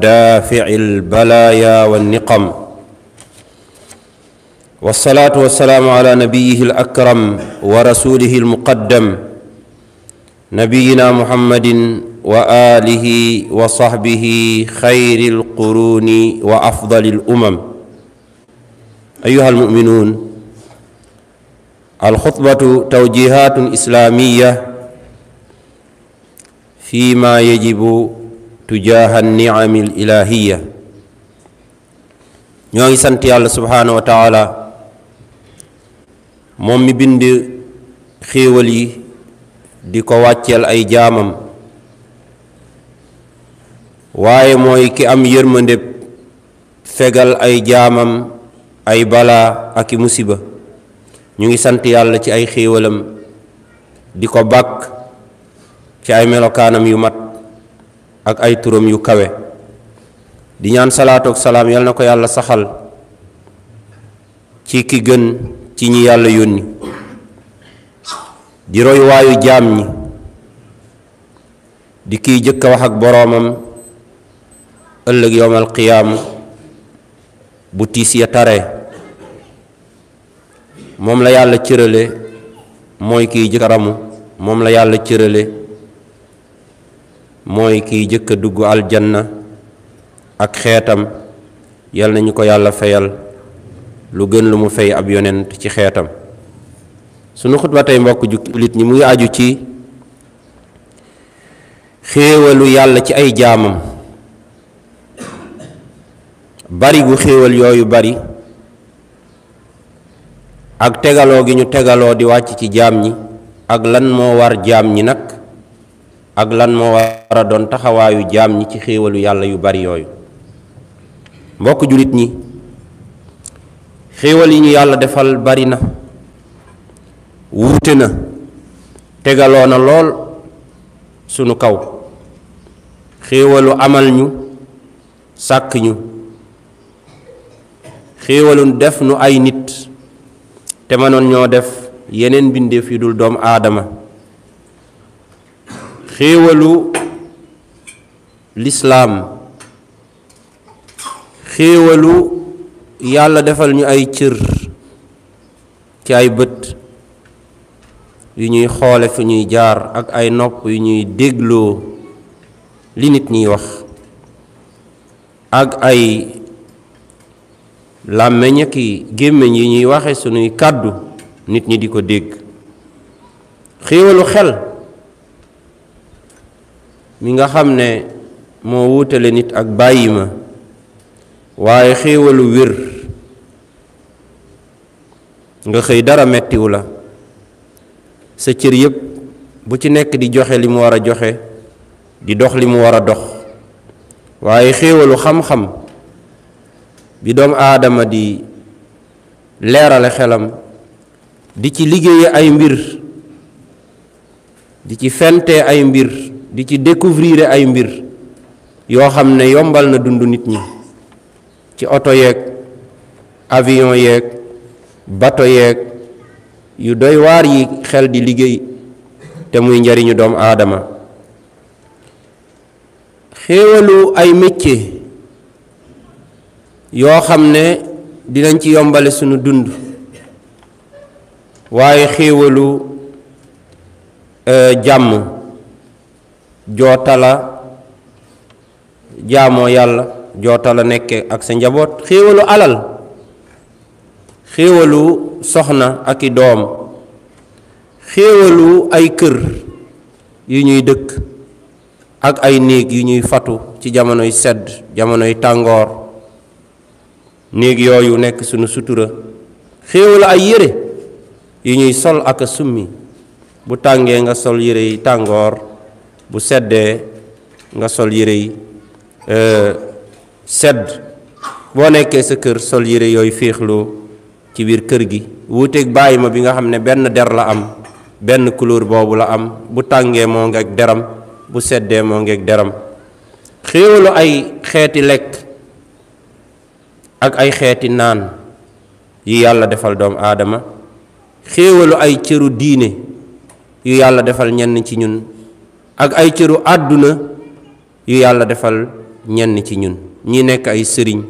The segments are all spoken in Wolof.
دافع البلايا والنقم والصلاة والسلام على نبيه الأكرم ورسوله المقدم نبينا محمد وآله وصحبه خير القرون وأفضل الأمم أيها المؤمنون الخطبة توجيهات إسلامية فيما يجب tujaaha niami l ñoo ngi sant yàlla subhaanahu wa taala moom mi bind xéewal yi di ko wàcceel ay jaamam waaye mooy ki am yërmande fegal ay jaamam ay balaa ak i musiba ñu ngi sant yàlla ci ay xéewalam di ko bàkk ci ay melokaanam yu mat ak ay turam yu kawe di ñaan salaatu ak salaam yal na ko yàlla saxal ci ki gën ci ñi yàlla yónni di roy waayu jaam ñi di kiy jëkk a wax ak boroomam ëllëg yowmal qiyaam bu tiis ya tare moom la yàlla cërale mooy kiy jëkkaramu moom la yàlla cërale mooy kiy jëkk a dugg aljanna ak xeetam yal nañu ko yàlla feyal lu gën lu mu fey ab yonent ci xeetam sunu xutba tey mbokk jullit ñi muy aju ci xéewalu yàlla ci ay jaamam bari gu xéewal yooyu bari ak tegaloo gi ñu tegaloo di wàcc ci jaam ñi ak lan moo war jaam ñi nag ak lan moo war a doon taxawaayu jaam ñi ci xéewalu yàlla yu bari yooyu mbokk jullit ñi xéewal yi ñu yàlla defal bari na wuute na tegaloo na lool sunu kaw xéewalu amal ñu sàkk ñu xéewalu def nu ay nit te mënoon ñoo def yeneen bindeef yu dul doomu aadama xéewalu lislaam xéewalu yàlla defal ñu ay cër ci ay bët yu ñuy xoole fu ñuy jaar ak ay nopp yu ñuy dégloo li nit ñiy wax ak ay làmmeñ ak gémmiñ yi ñuy waxe sunuy kàddu nit ñi di ko dégg xéewalu xel mi nga xam ne moo wuutale nit ak bàyyi ma waaye xéewalu wér nga xëy dara mettiwu la sa cër yépp bu ci nekk di joxe li mu war a joxe di dox li mu war a dox waaye xéewalu xam-xam bi doomu aadama di leerale xelam di ci liggéeye ay mbir di ci fente ay mbir di ci découvrir ay mbir yoo xam ne yombal na dund nit ñi ci oto yeeg avion yeeg bato yeeg yu doy waar yi xel di liggéey te muy njariñu doomu aadama xéewalu ay métier yoo xam ne dinañ ci yombale sunu dund waaye xéewalu euh, jàmm jootala jaamoo yàlla jootala nekke ak sa njaboot xéewalu alal xéewalu soxna ak i doom xéewalu ay kër yu ñuy dëkk ak ay néeg yu ñuy fatu ci jamonoy sedd jamonoy tàngoor néeg yooyu nekk sunu sutura xéewalu ay yére yu ñuy sol ak a summi bu tàngee nga sol yére yi tàngoor bu seddee nga sol yére yi euh, sedd boo nekkee sa kër sol yére yooyu féexloo ci biir kër gi wuuteeg bàyyi ma bi nga xam ne benn der la am benn couleur boobu la am bu tàngee moo ak deram bu seddee moo ngi ngeeg deram xéewalu ay xeeti lekk ak ay xeeti naan yu yàlla defal doomu aadama xéewalu ay cëru diine yu yàlla defal ñenn ci ñun ak ay cëru àdduna yu yàlla defal ñenn ci ñun ñi nekk ay sëriñ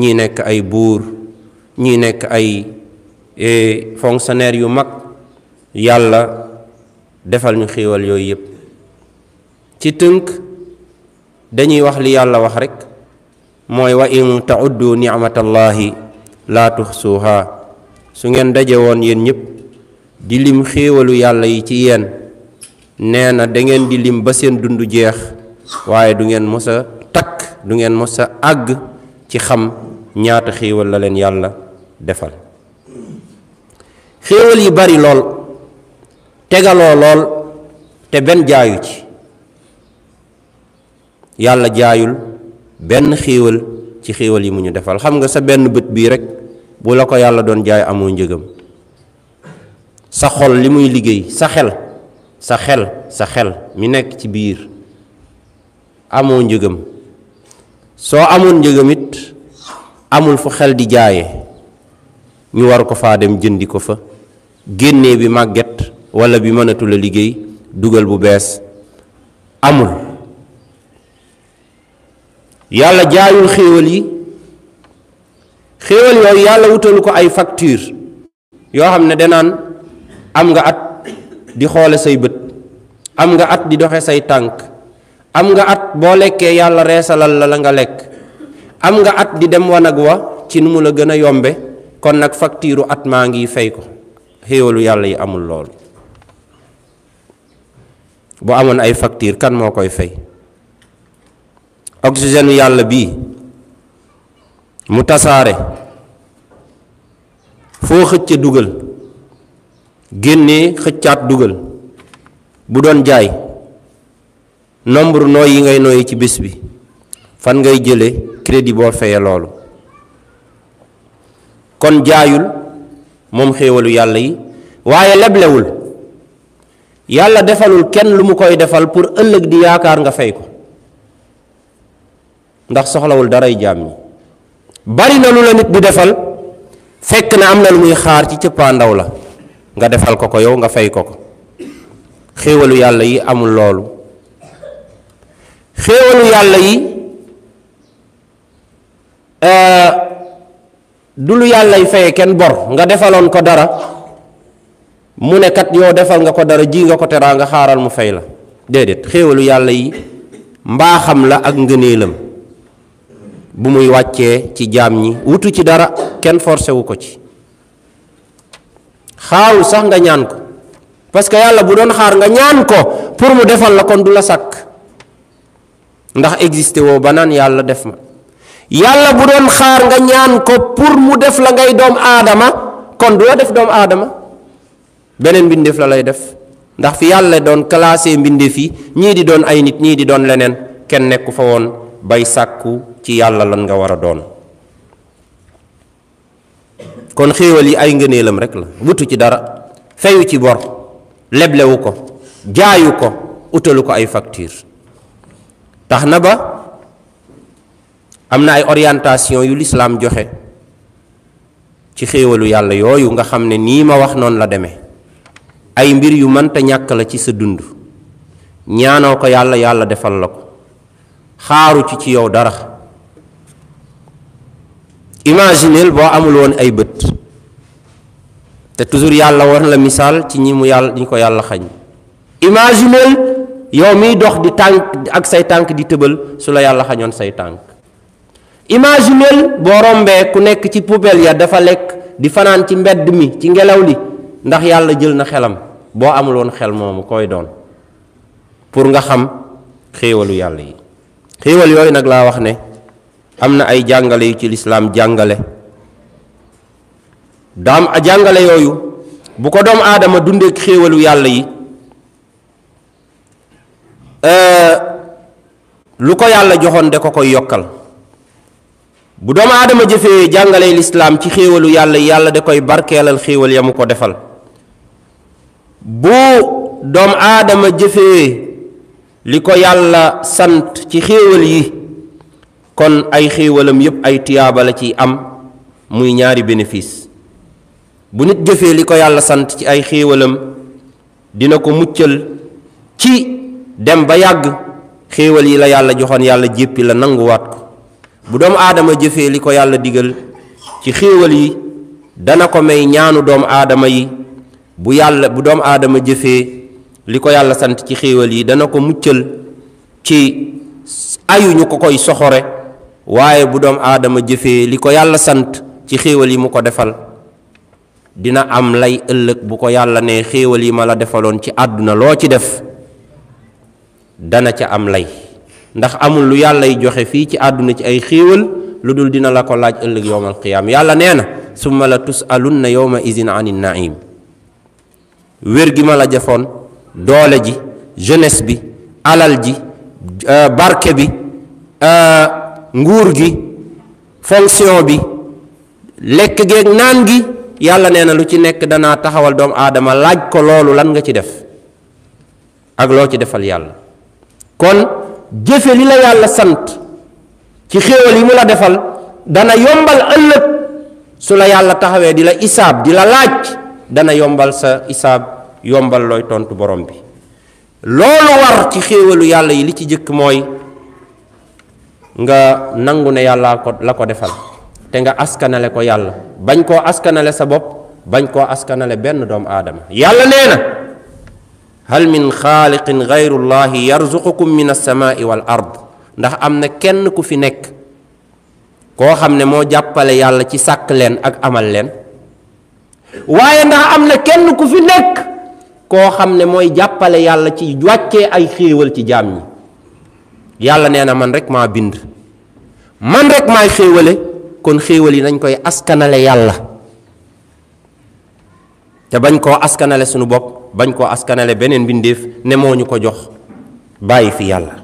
ñi nekk ay buur ñi nekk ay e, fonctionnaire yu mag yàlla defal ñu xiiwal yooyu yëpp ci tënk dañuy wax li yàlla wax rekk mooy wa in tauddu nicmatallahi laatu tuxsuuha su ngeen daje woon yéen ñëpp di lim xéewalu yàlla yi ci yenn nee na dangeen di lim ba seen dund jeex waaye du ngeen mos takk du ngeen mos a àgg ci xam ñaata xéewal la leen yàlla defal xéewal yi bari lool tegaloo lool te benn jaayu ci yàlla jaayul benn xéewal ci xéewal yi mu ñu defal xam nga sa benn bët bii rekk bu la ko yàlla doon jaay amul njëgam sa xol li muy liggéey sa xel sa xel sa xel mi nekk ci biir amoo njëgam soo amoon njëgam it amul fu xel di jaaye ñu war ko faa dem jëndi ko fa génnee bi màgget walla bi mënatula liggéey dugal bu bees amul yàlla jaayul xéewal yi xéewal yooyu yàlla wutalu ko ay facture yoo xam ne danaan am nga at di xoole say bët am nga at di doxe say tànk am nga at boo lekkee yàlla reesalal la la nga lekk am nga at di dem wanag wa ci nu mu la gën a yombe kon nag facture at maa ngi fay ko xéewalu yàlla yi amul loolu bu amoon ay facture kan moo koy fay oxygène yàlla bii mu tasaare foo xëcc dugal génne xëccaat dugal bu doon jaay nombre nooy yi ngay nooyi ci bés bi fan ngay jële crédit boo feye loolu kon jaayul moom xéewalu yàlla yi waaye leblewul yàlla defalul kenn lu mu koy defal pour ëllëg di yaakaar nga fay ko ndax soxlawul daray jaam ñi bari na lu la nit di defal fekk na am na lu muy xaar ci cëppaandaw la nga defal ko ko yow nga fay ko ko xéewalu yàlla yi amul loolu xéewalu yàlla yi euh, du lu yàllay faye kenn bor nga defaloon ko dara mu nekkat kat yow defal nga ko dara ji nga ko teraa nga xaaral mu fay la déedéet xéewalu yàlla yi mbaaxam la ak ngëneelam bu muy wàccee ci jaam ñi wutu ci dara kenn forcé wu ko ci xaarul sax nga ñaan ko parce que yàlla bu doon xaar nga ñaan ko pour mu defal la kon du la sàkk ndax existé woo ba naan yàlla def ma yàlla bu doon xaar nga ñaan ko pour mu def la ngay doom aadama kon du la def doom aadama beneen mbindeef la lay def ndax fi yàlla doon classé mbindeef yi ñii di doon ay nit ñii di doon leneen kenn nekku fa woon bay sàkku ci yàlla lan nga war a doon kon xéewal yi ay ngëneelam rek la wutu ci dara fayu ci bor leblewu ko jaayu ko utalu ko ay facture tax na ba am na ay orientation yu lislaam joxe ci xéewalu yàlla yooyu nga xam ne nii ma wax noonu la deme ay mbir yu mënta ñàkk la ci sa dund ñaanoo ko yàlla yàlla defal la ko xaaru ci ci yow dara imagineel boo amul woon ay bët te toujours yàlla war la misaal ci ñi mu yàlla ñi ko yàlla xañ imagineel yow miy dox di tànk ak say tànk di tëbal su la yàlla xañoon say tànk imagineel boo rombee ku nekk ci poubelle ya dafa lekk di fanaan ci mbedd mi ci ngelaw li ndax yàlla jël na xelam boo amul woon xel moomu koy doon pour nga xam xéewalu yàlla yi xéewal yooyu nag laa wax ne am na ay jàngale yu ci lislaam jàngale daam a jàngale yooyu bu ko doom aadama dundeek xéewalu yàlla yi euh, lu ko yàlla joxoon de ko koy yokkal bu doom aadama jëfe jàngale lislaam ci xéewalu yàlla yàlla da koy barkeelal xéewal ya mu ko defal bu doom aadama jëfe li ko yàlla sant ci xéewal yi kon ay xéewalam yépp ay tuyaaba la ciy am muy ñaari bénéfice bu nit jëfee li ko yàlla sant ci ay xéewalam dina ko muccal ci dem ba yàgg xéewal yi la yàlla joxoon yàlla jéppi la nanguwaat ko bu doomu aadama jëfee li ko yàlla digal ci xéewal yi dana ko may ñaanu doomu aadama yi bu yàlla bu doomu aadama jëfee li ko yàlla sant ci xéewal yi dana ko muccal ci ayu ñu ko koy soxore waaye bu doom aadama jëfee li ko yàlla sant ci xéewal yi mu ko defal dina am lay ëllëg bu ko yàlla ne xéewal yi ma la defaloon ci àdduna loo ci def dana ca am lay ndax amul lu yàllay joxe fii ci àdduna ci ay xéewal lu dul dina la ko laaj ëllëg yowmal qiyaam yàlla nee na summa la tusalunna yowma izin anin naim wér gi ma la jafoon doole ji jeunesse bi alal ji euh, barke bi euh, nguur gi fonction bi lekk geeg naan gi yàlla nee na lu ci nekk danaa taxawal doom aadama laaj ko loolu lan nga ci def ak loo ci defal yàlla kon jëfe li la yàlla sant ci xéewal yi mu la defal dana yombal ëllëg su la yàlla taxawee di la isaab di la laaj dana yombal sa isaab yombal looy tontu borom bi loolu war ci xéewalu yàlla yi li ci jëkk mooy nga nangu ne yàlla ko la ko defal te nga askanale ko yàlla bañ koo askanale sa bopp bañ koo askanale benn doomu aadama yàlla nee na hal min xaaliqin gayrullahi yarzuqukum min alsamaai wal ard ndax am na kenn ku fi nekk koo xam ne moo jàppale yàlla ci sàkk leen ak amal leen waaye kenn ku fi koo xam ne mooy jàppale yàlla ci wàccee ay xéewal ci jaam ñi yàlla nee na man rek maa bind man rek maay xéewale kon xéewal yi nañ koy askanale yàlla te bañ koo askanale sunu bopp bañ koo askanale beneen mbindéef ne moo ñu ko jox bàyyi fi yàlla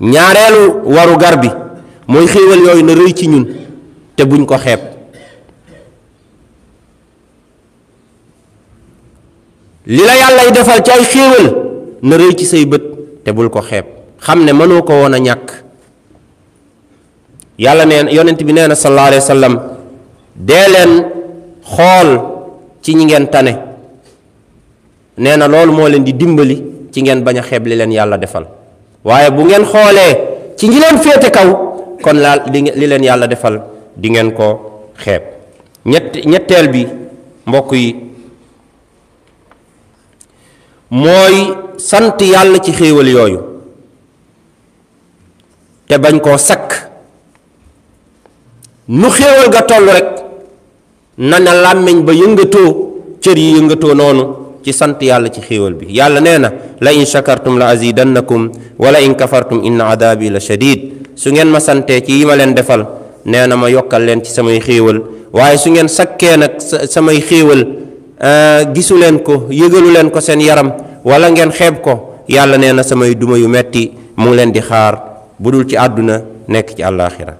ñaareelu waru gar bi mooy xéewal yooyu na rëy ci ñun te buñ ko xeeb li la yàllay defal ci ay xéewal na rëy ci say bët te bul ko xeeb xam ne mënoo ko woon a ñàkk yàlla neen yonent bi nee na sallallahu alayhi wa sallam dee leen xool ci ñi ngeen tane nee na loolu moo leen di dimbali ci ngeen bañ a xeeb li leen yàlla defal waaye bu ngeen xoolee ci ñi leen féete kaw kon laa li leen yàlla defal di ngeen ko xeeb ñett ñetteel bi mbokk yi mooy sant yàlla ci xéewal yooyu te bañ koo sakk nu xéewal ga toll rek na na làmmiñ ba yëngatoo cër yi yëngatoo noonu ci sant yàlla ci xéewal bi yàlla nee na la in shakartum la azidannakum wala inkafartum kafartum inna adabi la shadid su ngeen ma santee ci yi ma leen defal nee na ma yokkal leen ci samay xéewal waaye su ngeen sakkee nag samay xéewal euh, gisuleen ko yëgalu leen ko seen yaram wala ngeen xeeb ko yàlla nee na samay duma yu metti mu ngi leen di xaar bu dul ci àdduna nekk ci àllaaxira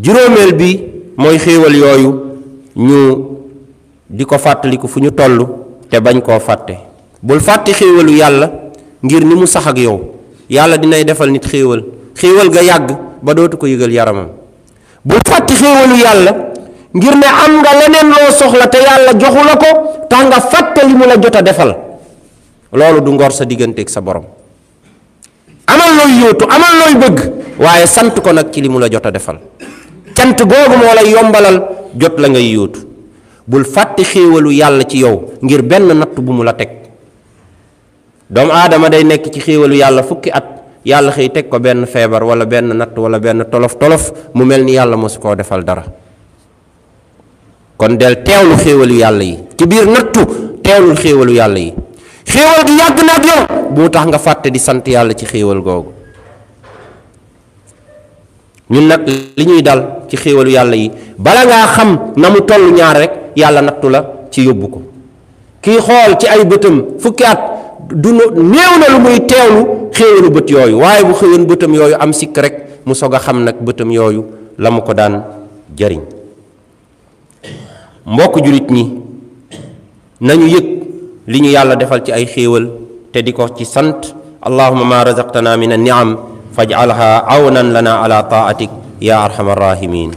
juróomeel bi mooy xéewal yooyu ñu di ko fàttaliku fu ñu toll te bañ koo fàtte bul fàtte xéewalu yàlla ngir ni mu sax ak yow yàlla dinay defal nit xéewal xéewal ga yàgg ba dootu ko yëgal yaramam bul fàtte xéewalu yàlla ngir ne am nga leneen loo soxla te yàlla joxu la ko tax nga fàtte mu la jot a defal loolu du ngor sa diggante digganteeg sa borom amal looy yóotu amal looy bëgg waaye sant ko nag ci li mu la jot a defal cant googu moo lay yombalal jot la ngay yóotu bul fàtte xéewalu yàlla ci yow ngir benn natt bu mu la teg doomu aadama day nekk ci xéewalu yàlla fukki at yàlla xëy teg ko benn feebar wala benn natt wala benn tolof tolof mu mel ni yàlla mosu koo defal dara kon del teewlu xéewalu yàlla yi ci biir nattu teewlul xéewalu yàlla yi xéewal gi yàgg na ak yow tax nga fàtte di sant yàlla ci xéewal googu ñun nag li ñuy dal ci xéewalu yàlla yi bala ngaa xam na mu toll ñaar rekk yàlla nattu la ci yóbbu ko kii xool ci ay bëtam fukki at du néew na lu muy teewlu xéewalu bët yooyu waaye bu xëyoon bëtam yooyu am sikk rekk mu soog a xam nag bëtam yooyu la mu ko daan jariñ mbokk jullit ñi nañu yëg li ñu yàlla defal ci ay xéewal te di ko ci sant allahuma ma razaqtana min an niam faj'alha awnan lana ala taatik ya arhamar rahimin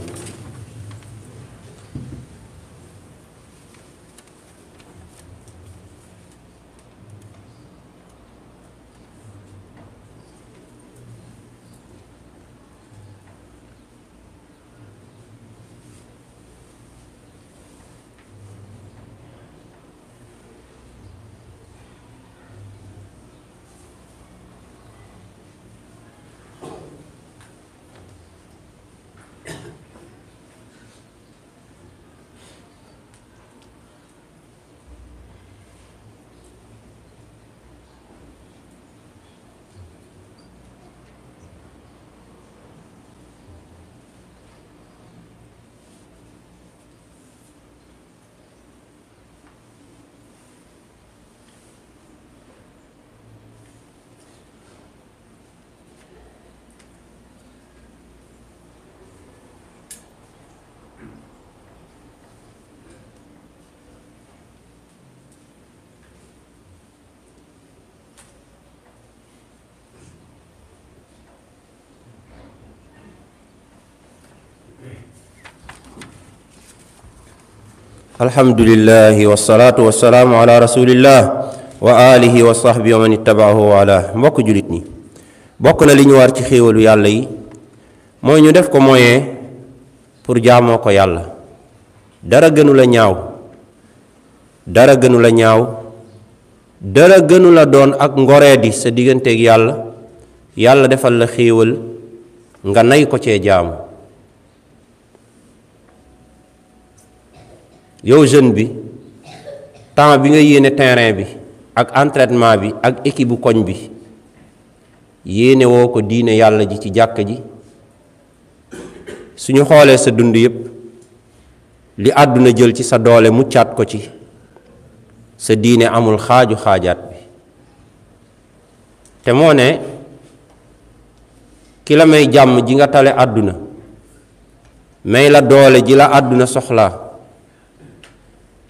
alhamdulillahi wasalaatu wasalaamu ala rasulillah wa alihi wa sahbi wa man ittabaahu wala mbokk jullit ñi bokk na li ñu war ci xéewalu yàlla yi moo ñu def ko moyen pour jaamoo ko yàlla dara gënu la ñaaw dara gënu la ñaaw dara gënu doon ak ngoree sa digganteeg yàlla yàlla defal la xiiwal nga nay ko cee jaamu yow jeune bi temps bi nga yéene terrain bi ak entraînement bi ak ékibu koñ bi yéene woo ko diine yàlla ji ci jàkk ji suñu xoolee sa dund yépp li àdduna jël ci sa doole muccaat ko ci sa diine amul xaaju xaajaat bi te moo ne ki may jàmm ji nga tale àdduna may la doole ji la àdduna soxlaa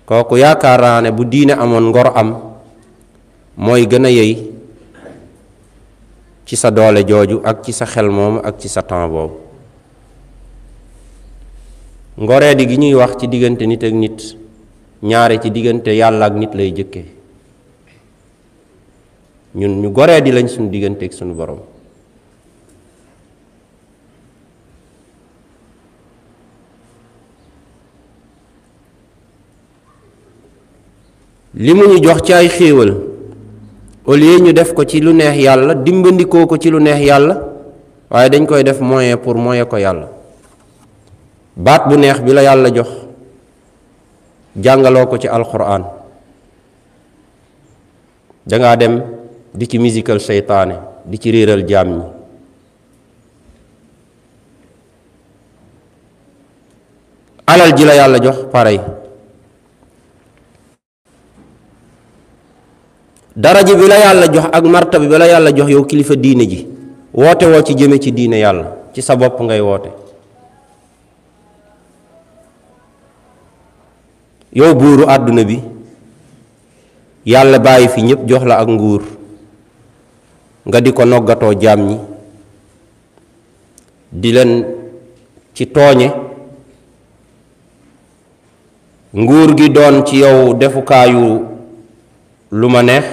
kooku yaakaar naa ne bu diine amoon ngor am mooy gën a yey ci sa doole jooju ak ci sa xel moomu ak ci sa temps boobu ngoree gi ñuy wax ci diggante nit ak nit ñaare ci diggante yàlla ak nit lay jëkke ñun ñu goree di lañ suñu diggante ak suñu borom li mu ñu jox ci ay xéewal au ñu def ko ci lu neex yàlla dimbandikoo ko ci lu neex yàlla waaye dañ koy def moye pour moyen ko yàlla baat bu neex bi la yàlla jox jàngaloo ko ci alxuraan danga dem di ci misikal seytaane di ci réeral jaam ñi alal ji la yàlla jox pare daraja bi la yàlla jox ak martaba bi la yàlla jox yow kilifa diine ji woote woo ci jëme ci diine yàlla ci sa bopp ngay woote yow buuru àdduna bi yàlla bàyyi fi ñépp jox la ak nguur nga di ko noggatoo jaam ñi di leen ci tooñe nguur gi doon ci yow defukaayu lu ma neex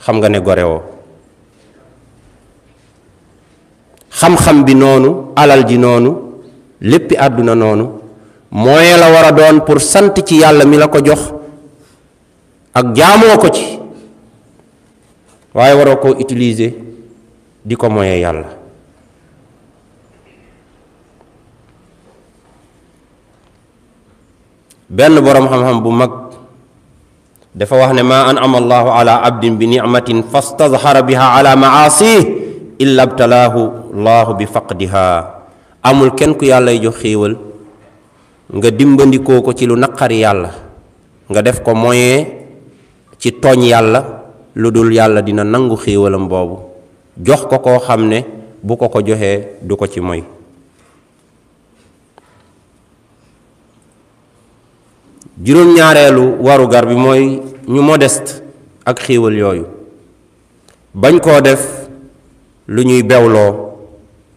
xam nga ne gore woo xam-xam bi noonu alal ji noonu léppi àdduna noonu mooy la war a doon pour sant ci yàlla mi la ko jox ak jaamoo ko ci waaye waroo koo utiliser di ko moyee yàlla benn boroom xam-xam bu mag dafa wax ne ma an'ama allahu ala abdin bi nicmatin fastazhara biha ala maasih illa btalaahu llahu bi faqdiha amul kenn ku yàllay jox xéewal nga dimbandikoo ko ci lu naqari yàlla nga def ko moye ci tooñ yàlla lu dul yàlla dina nangu xéewalam boobu jox ko koo xam ne bu ko ko joxee du ko ci moy juróom-ñaareelu warugar bi mooy ñu modest ak xiiwal yooyu bañ koo def lu ñuy bewloo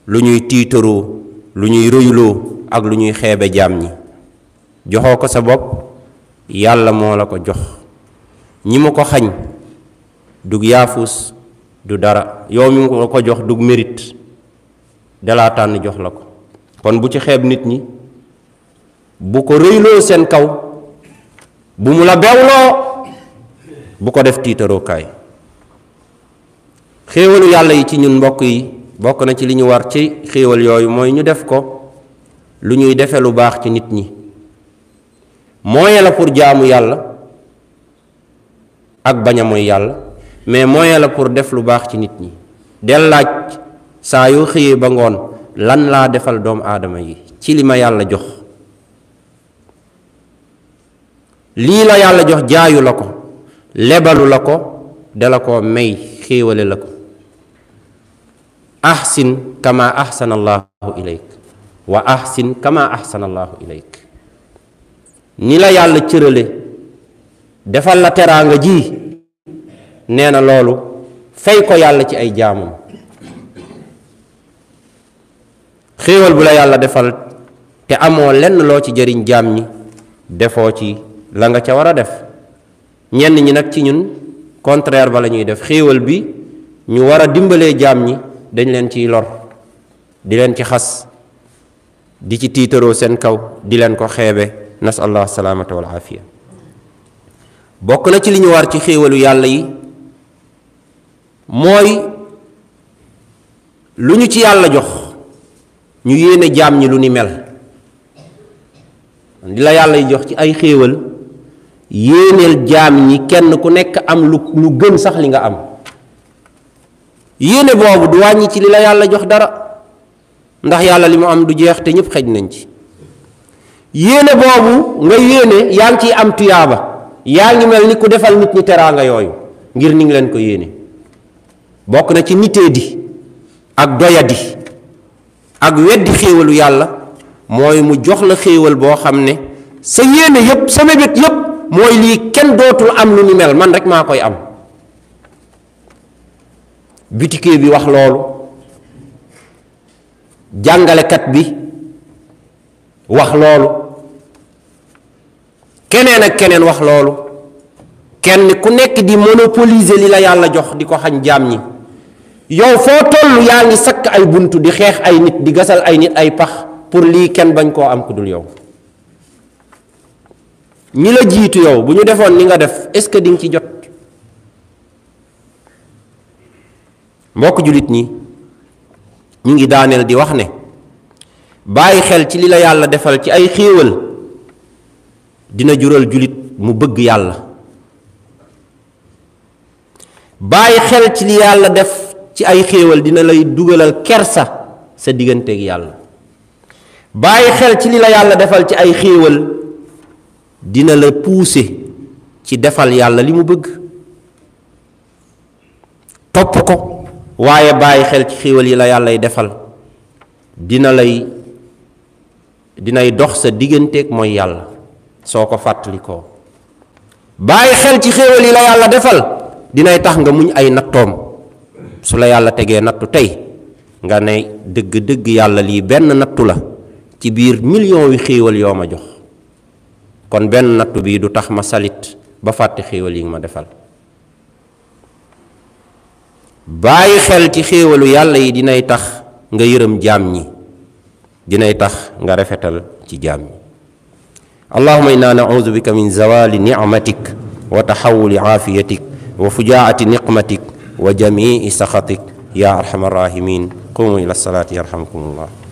lu ñuy tiitaroo lu ñuy rëyloo ak lu ñuy xeebe jaam ñi joxoo ko sa bopp yàlla moo la ko jox ñi ma ko xañ dug yaafus du dara yow mi ma ko jox dug merit dalaa tànn jox la ko kon bu ci xeeb nit ñi bu ko rëyloo seen kaw bu mu la bewloo bu ko def tiitarookaay xéewalu yàlla yi ci ñun mbokk yi bokk na ci li ñuy war ci xéewal yooyu mooy ñu def ko lu ñuy defe lu baax ci nit ñi mooye la pour jaamu yàlla ak bañ yàlla mais mooye la pour def lu baax ci nit ñi del laaj saa yoo xëyee ba ngoon lan laa defal doomu aadama yi ci li ma yàlla jox lii la yàlla jox jaayu la ko lebalu la ko dala koo may xéewale la ko ahsin kama ahsana allahu ilayk wa ahsin kama ahsana allahu ni la yàlla cërale defal la teraanga ji nee na loolu fay ko yàlla ci ay jaamam xéewal bu la yàlla defal te amoo lenn loo ci jëriñ jaam yi defoo ci la nga ca war a def ñenn ñi nag ci ñun contraire ba la ñuy def xéewal bi ñu war a dimbalee jaam ñi dañ leen ciy lor di leen ci xas di ci tiitaroo seen kaw di leen ko xeebe nas allah salaamata wal aafiya bokk na ci li war ci xéewalu yàlla yi mooy lu ñu ci yàlla jox ñu yéene jaam ñi lu ni mel di la yàlla yi jox ci ay xéewal yéeneel jaam ñi kenn ku nekk am lu lu gën sax li nga am yéene boobu du wàññi ci li la yàlla jox dara ndax yàlla li mu am du jeex te ñépp xej nañ ci yéene boobu nga yéene yaa ngi ciy am tuyaaba yaa ngi mel ni ku defal nit ñi teraanga yooyu ngir ni ngi leen ko yéene bokk na ci nitee di ak doyadi ak weddi xéewalu yàlla mooy mu jox la xéewal boo xam ne sa yéene yépp sa mébét yépp mooy lii kenn dootul am lu ni mel man rek maa koy am boutique bi wax loolu jàngalekat bi wax loolu keneen ak keneen wax loolu kenn ku nekk di monopoliser li la yàlla jox di ko xañ jaam ñi yow foo toll yaa ngi sakk ay bunt di xeex ay nit di gasal ay nit ay pax pour lii kenn bañ koo am ku dul yow ñi la jiitu yow bu ñu defoon ni nga def est-ce que di ci jot mbokk jullit ñi ñu ngi daaneel di wax ne bàyyi xel ci li la yàlla defal ci ay xéewal dina jural jullit mu bëgg yàlla bàyyi xel ci li yàlla def ci ay xéewal dina lay dugalal kersa sa digganteeg yàlla bàyyi xel ci li la yàlla defal ci ay xéewal dina la pousser ci defal yàlla li mu bëgg topp ko waaye bàyyi xel ci xéewal yi la yàllay defal dina lay dinay dox sa digganteeg mooy yàlla soo ko fàttalikoo bàyyi xel ci xéewal yi la yàlla defal dinay tax nga muñ ay nattoom su la yàlla tegee nattu tey nga ne dëgg-dëgg yàlla lii benn nattu la ci biir million wi xéewal yoo ma jox kon benn nattu bii du tax ma salit ba fàtte xéewal yi nga ma defal bàyyi xel ci xéewalu yàlla yi dinay tax nga yërëm jaam ñi dinay tax nga rafetal ci jaam ñi allahuma inna naudu bika min zawali nicmatik wa taxawuli caafiyatik wa fujaati niqmatik wa jamii saxatik ya arxama arrahimin qumu ila salaati yarxamkum allah